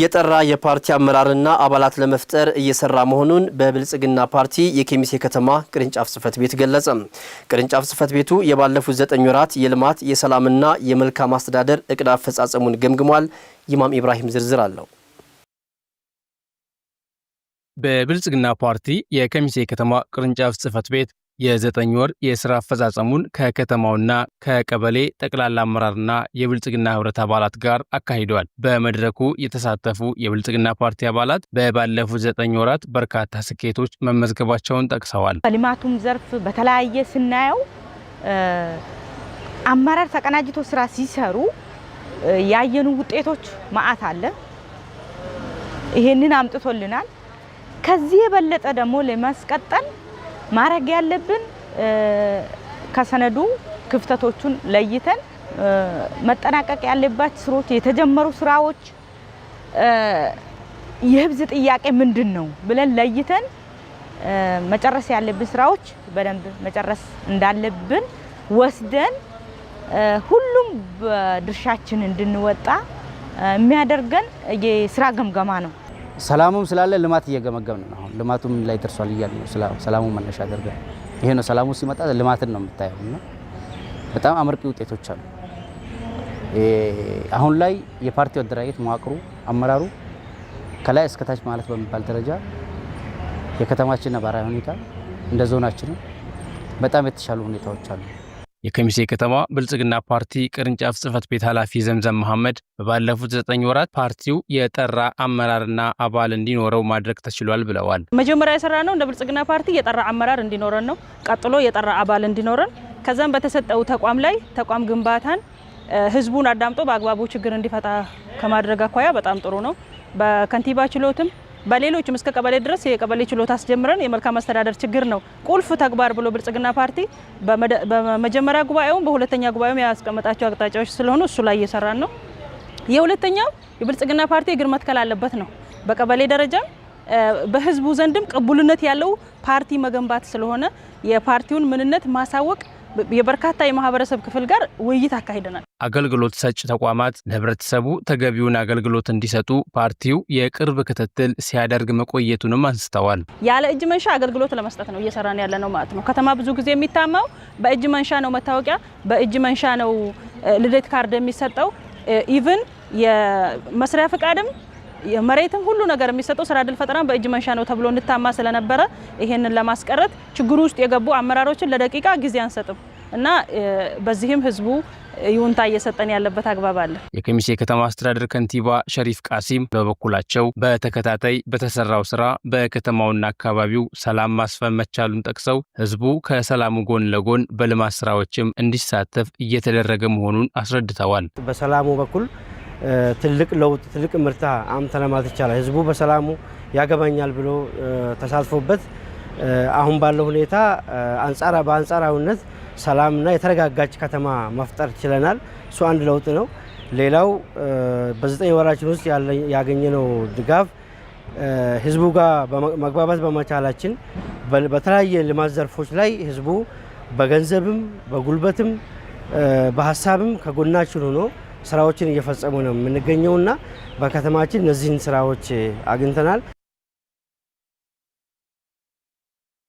የጠራ የፓርቲ አመራርና አባላት ለመፍጠር እየሰራ መሆኑን በብልጽግና ፓርቲ የኬሚሴ ከተማ ቅርንጫፍ ጽህፈት ቤት ገለጸ። ቅርንጫፍ ጽህፈት ቤቱ የባለፉት ዘጠኝ ወራት የልማት የሰላምና የመልካም አስተዳደር እቅድ አፈጻጸሙን ገምግሟል። ይማም ኢብራሂም ዝርዝር አለው። በብልጽግና ፓርቲ የኬሚሴ ከተማ ቅርንጫፍ ጽህፈት ቤት የዘጠኝ ወር የሥራ አፈጻጸሙን ከከተማውና ከቀበሌ ጠቅላላ አመራርና የብልጽግና ህብረት አባላት ጋር አካሂደዋል። በመድረኩ የተሳተፉ የብልጽግና ፓርቲ አባላት በባለፉት ዘጠኝ ወራት በርካታ ስኬቶች መመዝገባቸውን ጠቅሰዋል። በልማቱም ዘርፍ በተለያየ ስናየው አመራር ተቀናጅቶ ስራ ሲሰሩ ያየኑ ውጤቶች ማአት አለ። ይሄንን አምጥቶልናል። ከዚህ የበለጠ ደግሞ ለማስቀጠል ማድረግ ያለብን ከሰነዱ ክፍተቶቹን ለይተን መጠናቀቅ ያለባት ስራዎች፣ የተጀመሩ ስራዎች የህብዝ ጥያቄ ምንድን ነው ብለን ለይተን መጨረስ ያለብን ስራዎች በደንብ መጨረስ እንዳለብን ወስደን ሁሉም በድርሻችን እንድንወጣ የሚያደርገን የስራ ገምገማ ነው። ሰላሙም ስላለ ልማት እየገመገምን ነው። አሁን ልማቱም ላይ ደርሷል እያለ ነው። ሰላሙ መነሻ አድርገን ይሄ ነው ሰላሙ ሲመጣ ልማትን ነው የምታየው እና በጣም አመርቂ ውጤቶች አሉ። አሁን ላይ የፓርቲ አደራጀት መዋቅሩ፣ አመራሩ ከላይ እስከታች ማለት በሚባል ደረጃ የከተማችን ነባራዊ ሁኔታ እንደ ዞናችንም በጣም የተሻሉ ሁኔታዎች አሉ። የከሚሴ ከተማ ብልጽግና ፓርቲ ቅርንጫፍ ጽህፈት ቤት ኃላፊ ዘምዘም መሐመድ በባለፉት ዘጠኝ ወራት ፓርቲው የጠራ አመራርና አባል እንዲኖረው ማድረግ ተችሏል ብለዋል። መጀመሪያ የሰራ ነው እንደ ብልጽግና ፓርቲ የጠራ አመራር እንዲኖረን ነው። ቀጥሎ የጠራ አባል እንዲኖረን፣ ከዛም በተሰጠው ተቋም ላይ ተቋም ግንባታን ህዝቡን አዳምጦ በአግባቡ ችግር እንዲፈታ ከማድረግ አኳያ በጣም ጥሩ ነው። በከንቲባ ችሎትም በሌሎችም እስከ ቀበሌ ድረስ የቀበሌ ችሎት አስጀምረን የመልካም አስተዳደር ችግር ነው ቁልፍ ተግባር ብሎ ብልጽግና ፓርቲ በመጀመሪያ ጉባኤውም በሁለተኛ ጉባኤውም ያስቀመጣቸው አቅጣጫዎች ስለሆኑ እሱ ላይ እየሰራን ነው። የሁለተኛው የብልጽግና ፓርቲ እግር መትከል አለበት ነው። በቀበሌ ደረጃ በህዝቡ ዘንድም ቅቡልነት ያለው ፓርቲ መገንባት ስለሆነ የፓርቲውን ምንነት ማሳወቅ የበርካታ የማህበረሰብ ክፍል ጋር ውይይት አካሂደናል። አገልግሎት ሰጭ ተቋማት ለህብረተሰቡ ተገቢውን አገልግሎት እንዲሰጡ ፓርቲው የቅርብ ክትትል ሲያደርግ መቆየቱንም አንስተዋል። ያለ እጅ መንሻ አገልግሎት ለመስጠት ነው እየሰራን ያለ ነው ማለት ነው። ከተማ ብዙ ጊዜ የሚታማው በእጅ መንሻ ነው፣ መታወቂያ በእጅ መንሻ ነው፣ ልደት ካርድ የሚሰጠው ኢቭን የመስሪያ ፍቃድም መሬትም ሁሉ ነገር የሚሰጠው ስራ እድል ፈጠራን በእጅ መንሻ ነው ተብሎ እንታማ ስለነበረ ይሄንን ለማስቀረት ችግሩ ውስጥ የገቡ አመራሮችን ለደቂቃ ጊዜ አንሰጥም እና በዚህም ህዝቡ ይሁንታ እየሰጠን ያለበት አግባብ አለ። የከሚሴ ከተማ አስተዳደር ከንቲባ ሸሪፍ ቃሲም በበኩላቸው በተከታታይ በተሰራው ስራ በከተማውና አካባቢው ሰላም ማስፈን መቻሉን ጠቅሰው ህዝቡ ከሰላሙ ጎን ለጎን በልማት ስራዎችም እንዲሳተፍ እየተደረገ መሆኑን አስረድተዋል። በሰላሙ በኩል ትልቅ ለውጥ ትልቅ ምርታ አምተ ማለት ይቻላል። ህዝቡ በሰላሙ ያገባኛል ብሎ ተሳትፎበት አሁን ባለው ሁኔታ አንጻራ በአንጻራዊነት ሰላምና የተረጋጋች ከተማ መፍጠር ችለናል። እሱ አንድ ለውጥ ነው። ሌላው በዘጠኝ ወራችን ውስጥ ያገኘነው ድጋፍ ህዝቡ ጋር መግባባት በመቻላችን በተለያየ ልማት ዘርፎች ላይ ህዝቡ በገንዘብም በጉልበትም በሀሳብም ከጎናችን ሆኖ ስራዎችን እየፈጸሙ ነው የምንገኘውና በከተማችን እነዚህን ስራዎች አግኝተናል።